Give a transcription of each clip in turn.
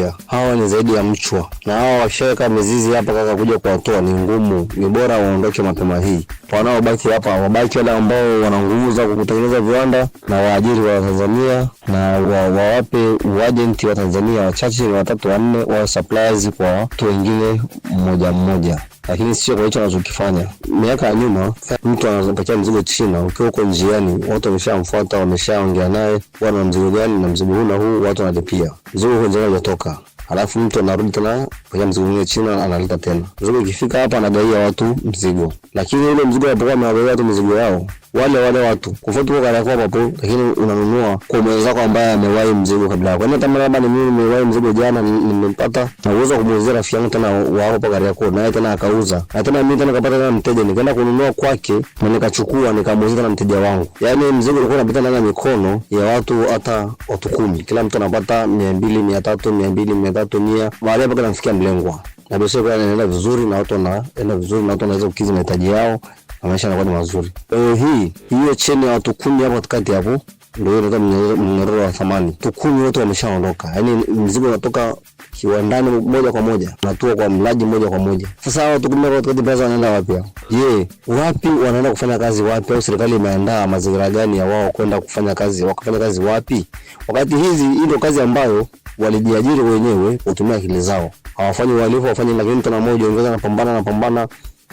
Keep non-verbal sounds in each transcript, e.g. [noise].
kuwaambia Hawa ni zaidi ya mchwa, na hawa washaweka mizizi hapa kaka, kuja kuwatoa ni ngumu. Ni bora waondoke mapema hii wanaobaki hapa wabaki wale ambao wana nguvu za kutengeneza viwanda na waajiri wa Tanzania na wawape wa uajenti wa Tanzania wachache ni watatu wanne wa suppliers kwa watu wengine mmoja mmoja lakini sio kwa hicho anachokifanya. Miaka ya nyuma, mtu anapakia mzigo China, ukiwa huko njiani, watu wameshamfuata, wameshaongea naye, wana mzigo gani na mzigo huu na huu, watu wanalipia. Mzigo njiani hujatoka Alafu mtu anarudi tena kwenye mzigo mzunguko chini, analeta tena mzigo. Ukifika hapa, anagawia watu mzigo, lakini ule mzigo anapokuwa anagawia watu mizigo yao wale wale watu kufuata kwa kana kwamba lakini unanunua kwa mwenzako ambaye amewahi mzigo kabla yako. Hata labda ni mimi nimewahi mzigo jana, nimempata na uwezo kumuuzia rafiki yangu tena wao hapo gari yako, na yeye tena akauza, na tena mimi tena kapata tena mteja, nikaenda kununua kwake na nikachukua nikamuuzia tena mteja wangu. Yani mzigo ulikuwa unapita ndani ya mikono ya watu hata watu kumi, kila mtu anapata 200 300 200 300 tatu mahali hapa kanafikia mlengwa na biashara inaenda vizuri na watu wanaenda vizuri na watu wanaweza kukidhi mahitaji yao na maisha yanakuwa ni mazuri. Leo hii hiyo cheni ya watu kumi hapo katikati hapo ndio hiyo ndio mnyororo wa thamani. Watu kumi wote wameshaondoka. yani mzigo unatoka kiwandani moja kwa moja, natua kwa mlaji moja kwa moja. Sasa watu kumi hapo katikati pesa wanaenda wapi hao? Je, wapi wanaenda kufanya kazi wapi au serikali imeandaa mazingira gani ya wao kwenda kufanya kazi, wakafanya kazi wapi? Wakati hizi hii ndio kazi ambayo walijiajiri wenyewe kutumia akili zao, hawafanyi uhalifu, hawafanyi, lakini mtu mmoja ongeza, anapambana anapambana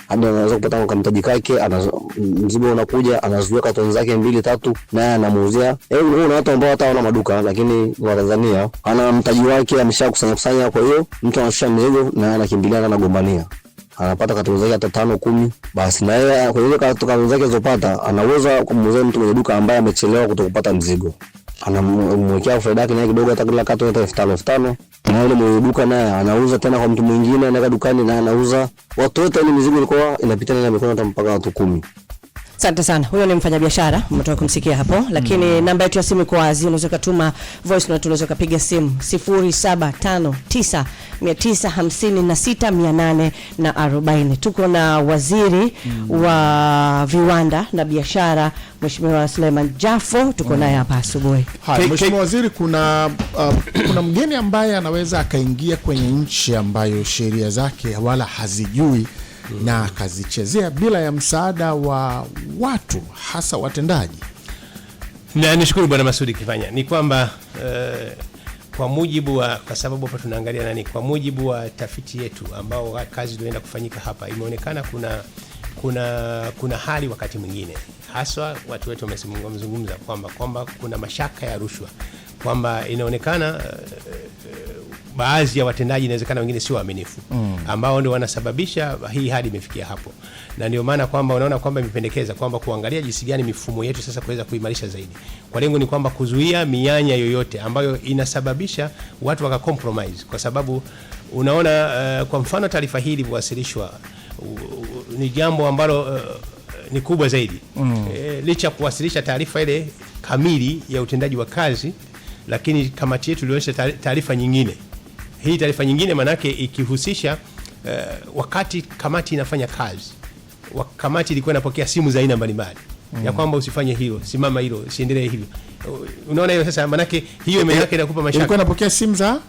hadi anaweza kupata kamtaji kake, mzigo unakuja, anazuia katoni zake mbili tatu, naye anamuuzia. Hebu eh, kuna watu ambao hata hawana maduka, lakini wa Tanzania ana mtaji wake ameshakusanya kusanya, kwa hiyo mtu anashusha mzigo naye anakimbilia anagombania anapata katoni zake hata tano kumi, basi na yeye kwa hiyo katoni zake zopata anaweza kumuuzia mtu mwenye duka ambaye amechelewa kutokupata mzigo anamwekea faida yake naye kidogo, hata kila kata hata elfu tano elfu tano na ule mwenye duka naye anauza tena kwa mtu mwingine, anaweka dukani naye anauza. Watu wote, ni yaani mizigo ilikuwa inapitana na mikono hata mpaka watu kumi. Asante sana. Huyo ni mfanyabiashara, mmetoka kumsikia hapo, mm. lakini mm. namba yetu ya simu iko wazi, unaweza ukatuma voice note, unaweza ukapiga simu 0759 Tuko na waziri mm. wa viwanda na biashara Mheshimiwa Suleiman Jafo, tuko mm. naye hapa asubuhi. Mheshimiwa Waziri, kuna uh, kuna mgeni ambaye anaweza akaingia kwenye nchi ambayo sheria zake wala hazijui na akazichezea bila ya msaada wa watu hasa watendaji. Na nishukuru Bwana Masudi Kifanya, ni kwamba uh, kwa mujibu wa, kwa sababu hapa tunaangalia nani, kwa mujibu wa tafiti yetu ambao kazi iliyoenda kufanyika hapa, imeonekana kuna kuna kuna hali wakati mwingine haswa watu wetu wamezungumza kwamba kwamba kuna mashaka ya rushwa kwamba inaonekana eh, baadhi ya watendaji inawezekana wengine sio waaminifu mm. ambao ndio wanasababisha hii hali imefikia hapo, na ndio maana kwamba unaona kwamba imependekeza kwamba kuangalia jinsi gani mifumo yetu sasa kuweza kuimarisha zaidi, kwa lengo ni kwamba kuzuia mianya yoyote ambayo inasababisha watu waka compromise, kwa sababu unaona uh, kwa mfano taarifa hii ilivyowasilishwa ni jambo ambalo uh, ni kubwa zaidi mm. E, licha kuwasilisha taarifa ile kamili ya utendaji wa kazi, lakini kamati yetu ilionyesha taarifa nyingine hii taarifa nyingine maanake ikihusisha uh, wakati kamati inafanya kazi kamati ilikuwa inapokea simu za aina mbalimbali mm. ya kwamba usifanye hilo, simama hilo, siendelee hivyo Unaona hiyo sasa, maanake hiyo maanake inakupa mashaka. Ilikuwa inapokea simu za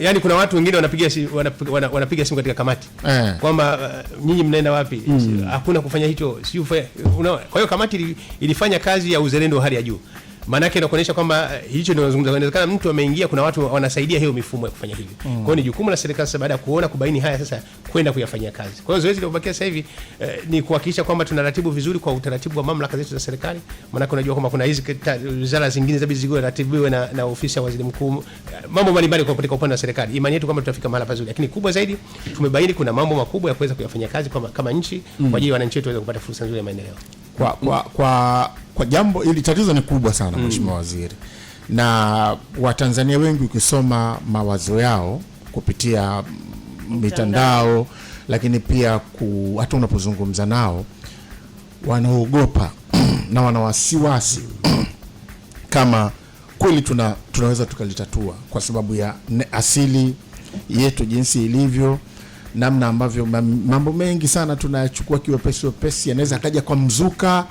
yaani kuna watu wengine wanapiga simu, wanapiga, wanapiga simu katika kamati eh, kwamba uh, nyinyi mnaenda wapi? Mm. Hakuna mm. kufanya hicho, si kwa hiyo kamati ilifanya kazi ya uzalendo wa hali ya juu maanake inakuonyesha kwamba eh, hicho ninazungumza, inawezekana mtu ameingia, kuna watu wanasaidia hiyo mifumo ya kufanya hivyo mm. kwao ni jukumu la serikali sasa, baada ya kuona kubaini haya, sasa kwenda kuyafanyia kazi. Kwa hiyo zoezi lilobakia sasa hivi eh, ni kuhakikisha kwamba tunaratibu vizuri kwa utaratibu wa mamlaka zetu za serikali, maanake unajua kwamba kuna hizi wizara zingine zabidi ziratibiwe na, na ofisi ya waziri mkuu, eh, mambo mbalimbali kwa katika upande wa serikali. Imani yetu kwamba tutafika mahala pazuri, lakini kubwa zaidi tumebaini kuna mambo makubwa ya kuweza kuyafanyia kazi kama, kama nchi mm. kwa ajili ya wananchi wetu waweze kupata fursa nzuri ya maendeleo kwa, kwa, kwa kwa jambo hili, tatizo ni kubwa sana mm. mheshimiwa mm. waziri, na Watanzania wengi ukisoma mawazo yao kupitia mitandao lakini pia hata unapozungumza nao wanaogopa [clears throat] na wanawasiwasi [clears throat] kama kweli tuna, tunaweza tukalitatua kwa sababu ya asili yetu jinsi ilivyo, namna ambavyo mambo mengi sana tunayachukua kiwepesi wepesi, yanaweza akaja kwa mzuka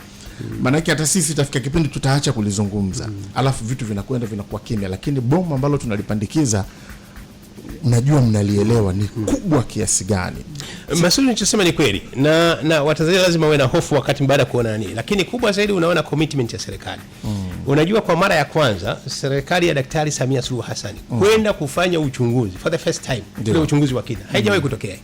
maanake hata sisi itafika kipindi tutaacha kulizungumza, alafu vitu vinakwenda vinakuwa kimya, lakini bomu ambalo tunalipandikiza najua mnalielewa ni hmm. kubwa kiasi gani. Masudi, nichosema ni kweli na, na Watanzania lazima wawe na hofu wakati baada ya kuona nani, lakini kubwa zaidi unaona commitment ya serikali mm. Unajua, kwa mara ya kwanza serikali ya Daktari Samia Suluhu Hassan mm. kwenda kufanya uchunguzi for the first time, ule uchunguzi wa kina haijawahi mm. kutokea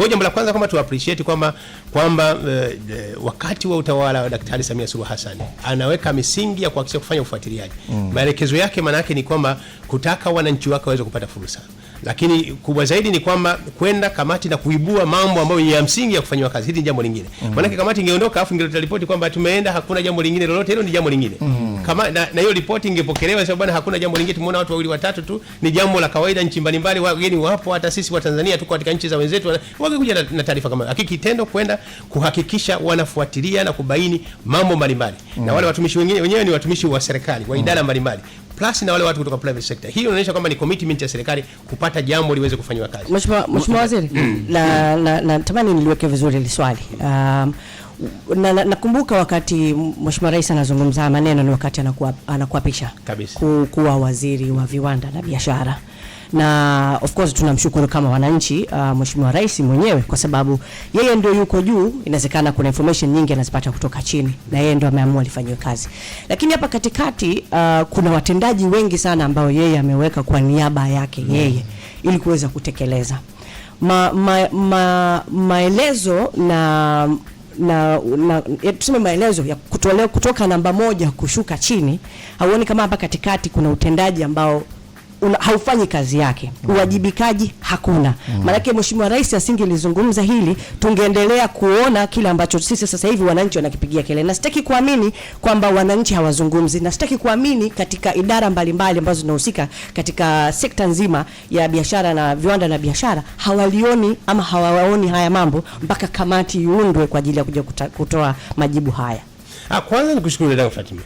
kwa hiyo jambo la kwanza kwamba tu appreciate kwamba kwamba e, wakati wa utawala wa Daktari Samia Suluhu Hassan anaweka misingi ya kuhakikisha kufanya ufuatiliaji mm. Maelekezo yake maana yake ni kwamba kutaka wananchi wake waweze kupata fursa, lakini kubwa zaidi ni kwamba kwenda kamati na kuibua mambo ambayo ni ya msingi ya kufanyiwa kazi. Hili ni jambo lingine mm. Maana kamati ingeondoka afu ingeleta ripoti kwamba tumeenda, hakuna jambo lingine lolote. Hilo ni jambo lingine mm. Mm. kama na hiyo ripoti ingepokelewa, sababu bwana, hakuna jambo lingine, tumeona watu wawili watatu tu, ni jambo la kawaida nchi mbalimbali, wageni wapo, hata sisi wa Tanzania tuko katika nchi za wenzetu, wangekuja na, na taarifa kama hakiki kitendo kwenda kuhakikisha wanafuatilia na kubaini mambo mbalimbali mm. na wale watumishi wengine wenyewe ni watumishi wa serikali wa mm. idara mbalimbali mm plus na wale watu kutoka private sector. hiyo inaonyesha kwamba ni commitment ya serikali kupata jambo liweze kufanywa kazi. Mheshimiwa Waziri, mm. tamani niliweke vizuri swali um, na, na, nakumbuka wakati Mheshimiwa Rais anazungumza maneno ni wakati anakuapisha ku, kuwa waziri wa viwanda na biashara na of course tunamshukuru kama wananchi uh, Mheshimiwa Rais mwenyewe kwa sababu yeye ndio yuko juu. Inawezekana kuna information nyingi anazipata kutoka chini na yeye ndio ameamua lifanyiwe kazi, lakini hapa katikati uh, kuna watendaji wengi sana ambao yeye ameweka kwa niaba yake mm. yeye ili kuweza kutekeleza ma, ma, ma, maelezo na na, na tuseme maelezo ya kutolewa kutoka namba moja kushuka chini, hauoni kama hapa katikati kuna utendaji ambao una, haufanyi kazi yake, uwajibikaji hakuna. Mm. Maanake Mheshimiwa Rais asingelizungumza hili, tungeendelea kuona kile ambacho sisi sasa hivi wananchi wanakipigia kelele, na sitaki kuamini kwamba wananchi hawazungumzi, na sitaki kuamini katika idara mbalimbali ambazo zinahusika katika sekta nzima ya biashara na viwanda na biashara hawalioni ama hawawaoni haya mambo mpaka kamati iundwe kwa ajili ya kuja kutoa majibu haya. Ah, kwanza nikushukuru dada Fatima.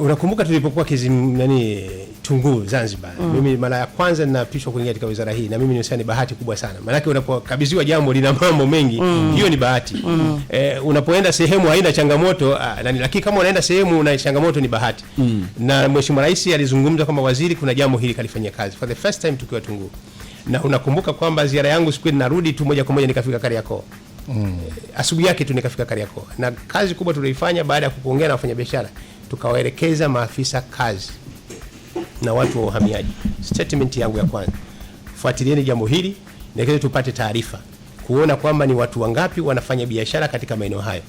Unakumbuka tulipokuwa Kizim nani Tunguu Zanzibar, mm. mimi mara ya kwanza ninapishwa kuingia katika wizara hii, na mimi ni ni bahati kubwa sana, maanake unapokabidhiwa jambo lina mambo mengi mm. hiyo ni bahati mm. eh, unapoenda sehemu haina changamoto ah, nani, lakini kama unaenda sehemu una changamoto ni bahati mm. na Mheshimiwa Rais alizungumza kwamba waziri, kuna jambo hili kalifanyia kazi for the first time tukiwa tungu na unakumbuka kwamba ziara yangu siku narudi tu moja kwa moja nikafika Kariakoo mm. Eh, asubuhi yake tu nikafika Kariakoo, na kazi kubwa tulioifanya baada ya kuongea na wafanyabiashara tukawaelekeza maafisa kazi na watu wa uhamiaji. Statement yangu ya kwanza, fuatilieni jambo hili na tupate taarifa kuona kwamba ni watu wangapi wanafanya biashara katika maeneo hayo.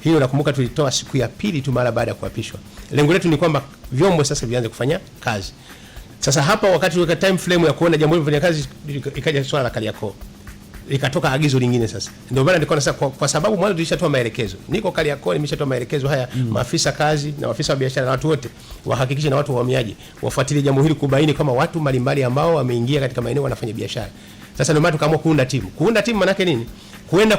hiyo nakumbuka tulitoa siku ya pili tu mara baada ya kuapishwa. Lengo letu ni kwamba vyombo sasa vianze kufanya kazi. Sasa hapa wakati wa time frame ya kuona jambo hilo kufanya kazi, ikaja swala la Kariakoo. Ikatoka agizo lingine sasa. Ndio maana nilikuwa nasema kwa, kwa sababu mwanzo tulishatoa maelekezo. Niko Kariakoo nimeshatoa maelekezo haya mm. maafisa kazi na maafisa wa biashara na watu wote wahakikishe na watu wa uhamiaji wafuatilie jambo hili kubaini kama watu mbalimbali ambao wameingia katika maeneo wanafanya biashara. Sasa ndio maana tukaamua kuunda timu. Kuunda timu maana yake nini? Kuenda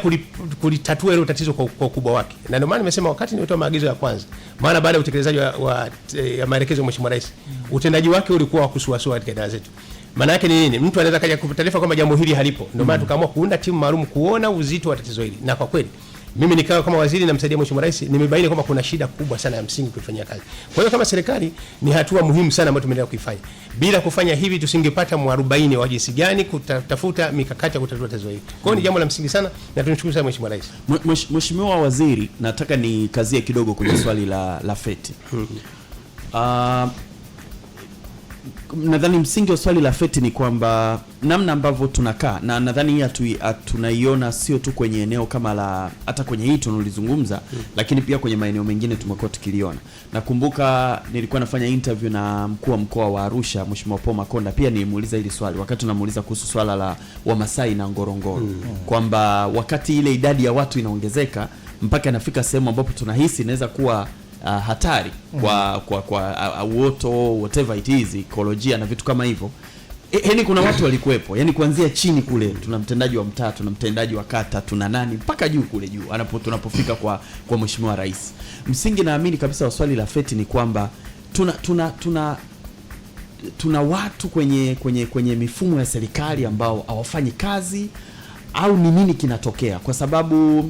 kulitatua hilo tatizo kwa, kwa ukubwa wake. Na ndio maana nimesema wakati nimetoa maagizo ya kwanza, maana baada ya utekelezaji wa, wa, eh, ya maelekezo ya Mheshimiwa Rais, mm. utendaji wake ulikuwa wa kusuasua katika idara zetu. Maana yake ni nini? Mtu anaweza kaja kupa taarifa kwamba jambo hili halipo. Ndio maana mm. tukaamua kuunda timu maalum kuona uzito wa tatizo hili, na kwa kweli mimi nikawa kama waziri na msaidia Mheshimiwa Rais, nimebaini kwamba kuna shida kubwa sana ya msingi kuifanyia kazi. Kwa hiyo kama serikali, ni hatua muhimu sana ambayo tumeendelea kuifanya. Bila kufanya hivi, tusingepata mwarobaini wa jinsi gani kutafuta mikakati ya kutatua tatizo hili. Kwa hiyo ni mm. jambo la msingi sana na tunashukuru sana Mheshimiwa Rais. Mheshimiwa Waziri, nataka nikazie kidogo kwenye [coughs] swali la, la feti uh, nadhani msingi wa swali la Feti ni kwamba namna ambavyo tunakaa na nadhani hii tunaiona sio tu kwenye eneo kama la hata kwenye hii tunalizungumza mm. Lakini pia kwenye maeneo mengine tumekuwa tukiliona. Nakumbuka nilikuwa nafanya interview na mkuu wa mkoa wa Arusha Mheshimiwa Paul Makonda, pia nilimuuliza hili swali wakati tunamuuliza kuhusu swala la Wamasai na Ngorongoro mm. kwamba wakati ile idadi ya watu inaongezeka mpaka inafika sehemu ambapo tunahisi inaweza kuwa uh, hatari kwa kwa kwa uoto uh, uoto whatever it is ecology na vitu kama hivyo. Yaani e, kuna watu walikuwepo, yaani kuanzia chini kule tuna mtendaji wa mtaa, tuna mtendaji wa kata, tuna nani mpaka juu kule juu anapo tunapofika kwa kwa mheshimiwa rais. Msingi naamini kabisa wa swali la feti ni kwamba tuna tuna tuna tuna watu kwenye kwenye kwenye mifumo ya serikali ambao hawafanyi kazi au ni nini kinatokea? Kwa sababu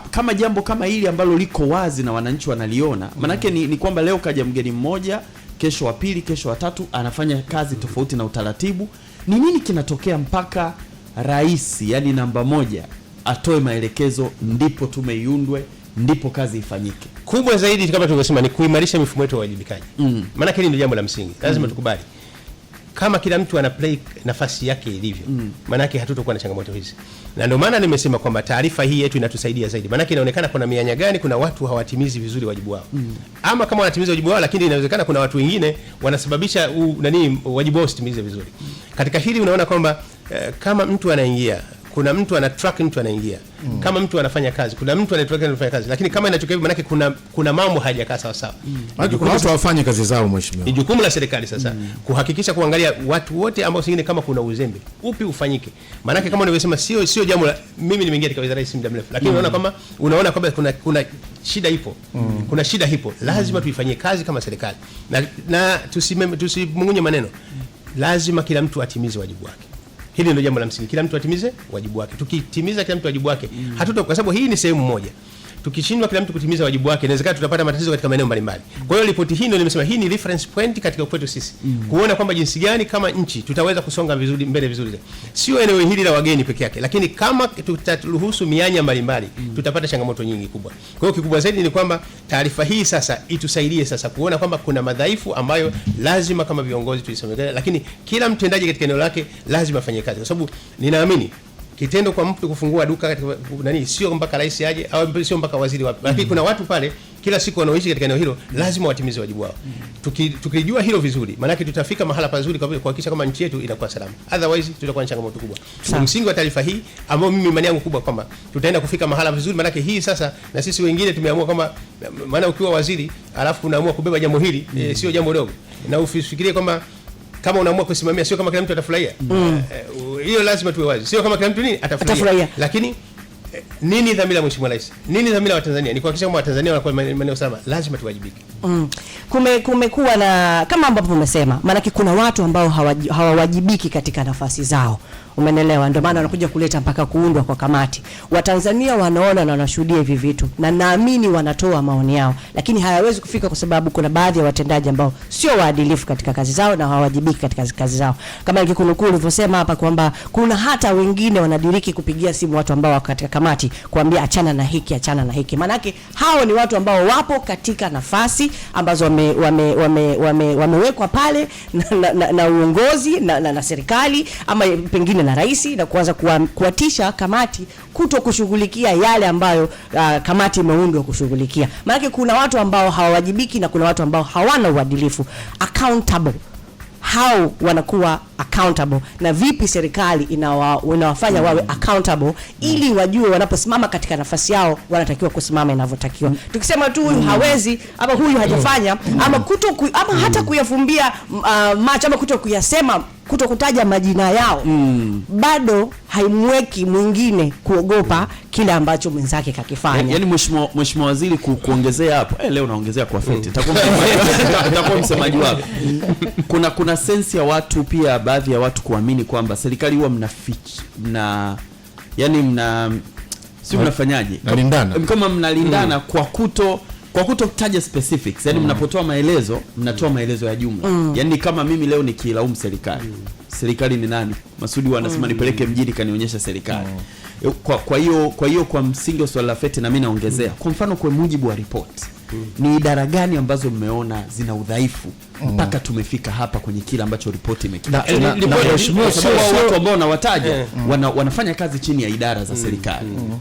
kama jambo kama hili ambalo liko wazi na wananchi wanaliona, maanake ni, ni kwamba leo kaja mgeni mmoja, kesho wa pili, kesho wa tatu, anafanya kazi tofauti na utaratibu. Ni nini kinatokea mpaka rais, yani namba moja, atoe maelekezo ndipo tume iundwe ndipo kazi ifanyike? Kubwa zaidi kama tulivyosema ni kuimarisha mifumo yetu ya uwajibikaji, maanake mm. hili ndio jambo la msingi, lazima mm. tukubali kama kila mtu ana play nafasi yake ilivyo, maanake mm. hatutokuwa na changamoto hizi, na ndio maana nimesema kwamba taarifa hii yetu inatusaidia zaidi, maanake inaonekana kuna mianya gani, kuna watu hawatimizi vizuri wajibu wao mm. ama kama wanatimiza wajibu wao, lakini inawezekana kuna watu wengine wanasababisha u, nani wajibu wao usitimize vizuri. Katika hili unaona kwamba uh, kama mtu anaingia kuna mtu ana track mtu anaingia mm. kama mtu anafanya kazi, kuna mtu ana track anafanya kazi, lakini kama inachokia hivi maanake kuna kuna mambo hayajakaa sawa sawa mm. kuna watu wafanye kazi zao, mheshimiwa. Ni jukumu la serikali sasa mm. kuhakikisha kuangalia watu wote ambao singine, kama kuna uzembe upi ufanyike, maanake kama nilivyosema, sio sio jambo la mimi nimeingia katika wizara hii muda mrefu, lakini mm. unaona mm. kama unaona kwamba kuna kuna shida ipo mm. kuna shida ipo, lazima mm. tuifanyie kazi kama serikali na, na tusimungunye maneno, mm. lazima kila mtu atimize wajibu wake. Hili ndio jambo la msingi, kila mtu atimize wajibu wake. Tukitimiza kila mtu wajibu wake, mm. hatuto kwa sababu hii ni sehemu moja tukishindwa kila mtu kutimiza wajibu wake, inawezekana tutapata matatizo katika maeneo mbalimbali. Kwa hiyo ripoti hii ndio nimesema hii ni reference point katika kwetu sisi mm. kuona kwamba jinsi gani kama nchi tutaweza kusonga vizuri mbele vizuri, sio eneo hili la wageni peke yake, lakini kama tutaruhusu mianya mbalimbali mm. tutapata changamoto nyingi kubwa. Kwa hiyo kikubwa zaidi ni kwamba taarifa hii sasa itusaidie sasa kuona kwamba kuna madhaifu ambayo lazima kama viongozi tuisemekane, lakini kila mtendaji katika eneo lake lazima afanye kazi, kwa sababu ninaamini kitendo kwa mtu kufungua duka katika nani, sio mpaka rais aje au sio mpaka waziri wapi, lakini mm -hmm. kuna watu pale kila siku wanaoishi katika eneo hilo lazima watimize wajibu wao. mm -hmm. Tuki, tukijua hilo vizuri, maanake tutafika mahala pazuri kwa kuhakikisha kama nchi yetu inakuwa salama, otherwise tutakuwa na changamoto kubwa. Msingi wa taarifa hii ambayo mimi imani yangu kubwa kwamba tutaenda kufika mahala vizuri, maanake hii sasa na sisi wengine tumeamua kwamba, maana ukiwa waziri alafu unaamua kubeba jambo hili mm -hmm. e, sio jambo dogo, na ufikirie kwamba kama unaamua kusimamia sio kama kila mtu atafurahia. mm -hmm. e, hiyo lazima tuwe wazi, sio kama kila mtu nini atafurahia, lakini eh, nini dhamira ya mheshimiwa rais? Nini dhamira wa Tanzania? Ni kuhakikisha kwamba Watanzania wanakuwa maeneo salama. Lazima tuwajibike. Mm. Kume, kumekuwa na kama ambavyo umesema, maanake kuna watu ambao hawawajibiki hawa katika nafasi zao, umenelewa? Ndio maana wanakuja kuleta mpaka kuundwa kwa kamati. Watanzania wanaona na wanashuhudia hivi vitu, na naamini wanatoa maoni yao, lakini hayawezi kufika kwa sababu kuna baadhi ya watendaji ambao sio waadilifu katika kazi zao na hawawajibiki katika kazi zao, kama nikikunukuu ulivyosema hapa kwamba kuna hata wengine wanadiriki kupigia simu watu ambao wako katika kamati kuambia achana na hiki, achana na hiki. Maanake hao ni watu ambao wapo katika nafasi ambazo wamewekwa wame, wame, wame, wame pale [laughs] na, na, na, na uongozi na, na, na serikali ama pengine na rais na kuanza kuwatisha kamati kuto kushughulikia yale ambayo uh, kamati imeundwa kushughulikia. Maanake kuna watu ambao hawawajibiki na kuna watu ambao hawana uadilifu accountable, hao wanakuwa accountable na vipi serikali inawa, inawafanya wawe accountable ili wajue wanaposimama katika nafasi yao wanatakiwa kusimama inavyotakiwa. Tukisema tu huyu hawezi ama huyu hajafanya ama kuto ku, ama hata kuyafumbia uh, macho ama kuto kuyasema kuto kutaja majina yao mm. bado haimweki mwingine kuogopa kile ambacho mwenzake kakifanya. yani mheshimiwa mheshimiwa waziri kuongezea hapo eh, leo naongezea kwa feti takuwa [laughs] msemaji wako. Kuna kuna sensi ya watu pia ba- baadhi ya watu kuamini kwamba serikali huwa mna mna yani mna si mnafanyaje, kama mnalindana mm. kwa kuto kwa kutotaja specifics yani mm. mnapotoa maelezo mnatoa mm. maelezo ya jumla mm. yani kama mimi leo nikilaumu serikali mm. serikali ni nani? Masudi wanasema mm. nipeleke mjini kanionyesha serikali mm. kwa hiyo kwa hiyo kwa, kwa msingi wa swala la Fete na mimi naongezea mm. kwa mfano kwa mujibu wa ripoti ni idara gani ambazo mmeona zina udhaifu mpaka mm. tumefika hapa kwenye kile ambacho ripoti imekitoa, na mheshimiwa, eh, watu ambao wanawataja eh. wanafanya kazi chini ya idara za mm. serikali mm.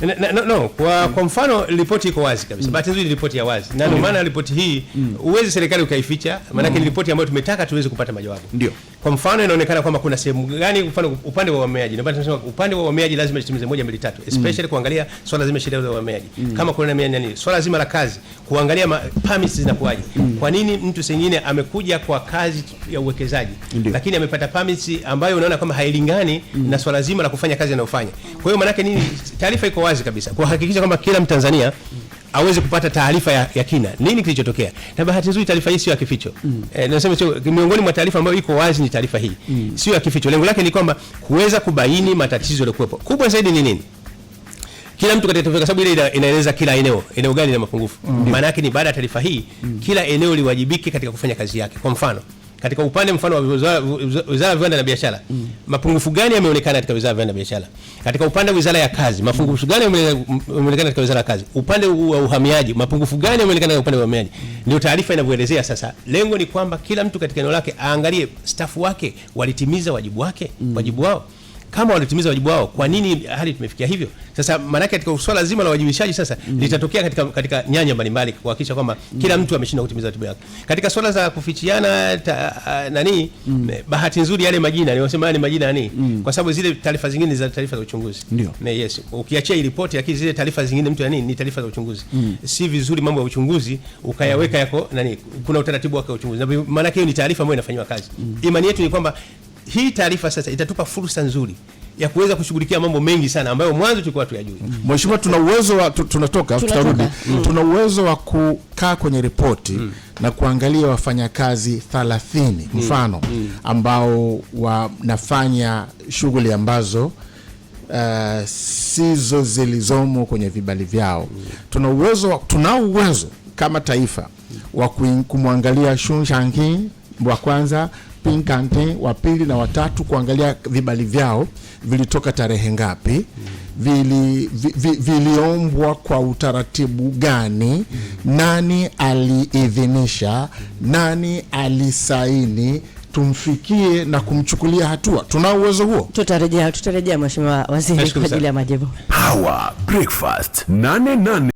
No, no, no. Kwa, mm. kwa mfano ripoti iko wazi kabisa mm. Bahati nzuri ripoti ya wazi na ndio mm. maana ripoti hii mm. uwezi serikali ukaificha, maanake mm. ni ripoti ambayo tumetaka tuweze kupata majawabu ndio kwa mfano inaonekana kwamba kuna sehemu gani, mfano upande wa uhamiaji, ndio tunasema upande wa uhamiaji lazima zitimize moja mbili tatu, especially mm. kuangalia swala zima sheria za uhamiaji mm. kama kuna nani nani, swala zima la kazi, kuangalia permits zinakuaje mm. kwa nini mtu sengine amekuja kwa kazi ya uwekezaji Ndiyo. lakini amepata permits ambayo unaona kama hailingani mm. na swala zima la kufanya kazi anayofanya. Kwa hiyo maana nini, taarifa iko wazi kabisa kuhakikisha kwamba kila Mtanzania mm aweze kupata taarifa ya, ya kina nini kilichotokea, na bahati nzuri taarifa hii sio ya kificho mm. E, nasema sio miongoni mwa taarifa ambayo iko wazi ni taarifa hii mm. sio ya kificho. Lengo lake ni kwamba kuweza kubaini matatizo yaliokuwepo. Kubwa zaidi ni nini? Kila mtu katika kwa sababu ile inaeleza kila eneo eneo gani na mapungufu mm. yake ni baada ya taarifa hii mm. kila eneo liwajibike katika kufanya kazi yake. Kwa mfano katika upande mfano wa Wizara ya Viwanda na Biashara mm. mapungufu gani yameonekana katika Wizara ya Viwanda na Biashara? Katika upande wa Wizara ya Kazi mapungufu gani yameonekana katika Wizara ya Kazi? Upande wa uhamiaji mapungufu gani yameonekana katika upande wa uhamiaji? Ndio taarifa inavyoelezea. Sasa lengo ni kwamba kila mtu katika eneo lake aangalie stafu wake walitimiza wajibu wake mm. wajibu wao kama walitimiza wajibu wao, kwa nini hali tumefikia hivyo sasa? Maanake katika swala zima la uwajibishaji sasa mm. litatokea katika, katika nyanja mbalimbali kuhakikisha kwamba mm. kila mtu ameshinda kutimiza wajibu wake katika swala za kufichiana ta, a, nani mm. bahati nzuri yale majina niwasema ni majina nani mm. kwa sababu zile taarifa zingine za taarifa za uchunguzi ndio ne, yes ukiachia ripoti lakini zile taarifa zingine mtu nani ni taarifa za uchunguzi mm. si vizuri mambo ya uchunguzi ukayaweka mm. yako nani, kuna utaratibu wake wa uchunguzi, maana hiyo ni taarifa ambayo inafanywa kazi mm. imani yetu ni kwamba hii taarifa sasa itatupa fursa nzuri ya kuweza kushughulikia mambo mengi sana ambayo mwanzo tulikuwa tuyajui. Mheshimiwa, tuna uwezo wa tunatoka tutarudi, mm. tuna uwezo wa kukaa kwenye ripoti mm. na kuangalia wafanyakazi 30 mm. mfano mm. ambao wanafanya shughuli ambazo uh, sizo zilizomo kwenye vibali vyao mm. tuna uwezo tunao uwezo kama taifa wa kumwangalia Shun Shangi wa kwanza shopping Kante wa pili na watatu kuangalia vibali vyao vilitoka tarehe ngapi, vili, vi, vi, viliombwa kwa utaratibu gani, nani aliidhinisha, nani alisaini tumfikie na kumchukulia hatua. Tuna uwezo huo. Tutarejea tutarejea Mheshimiwa Waziri kwa ajili ya majibu. Hawa breakfast nane nane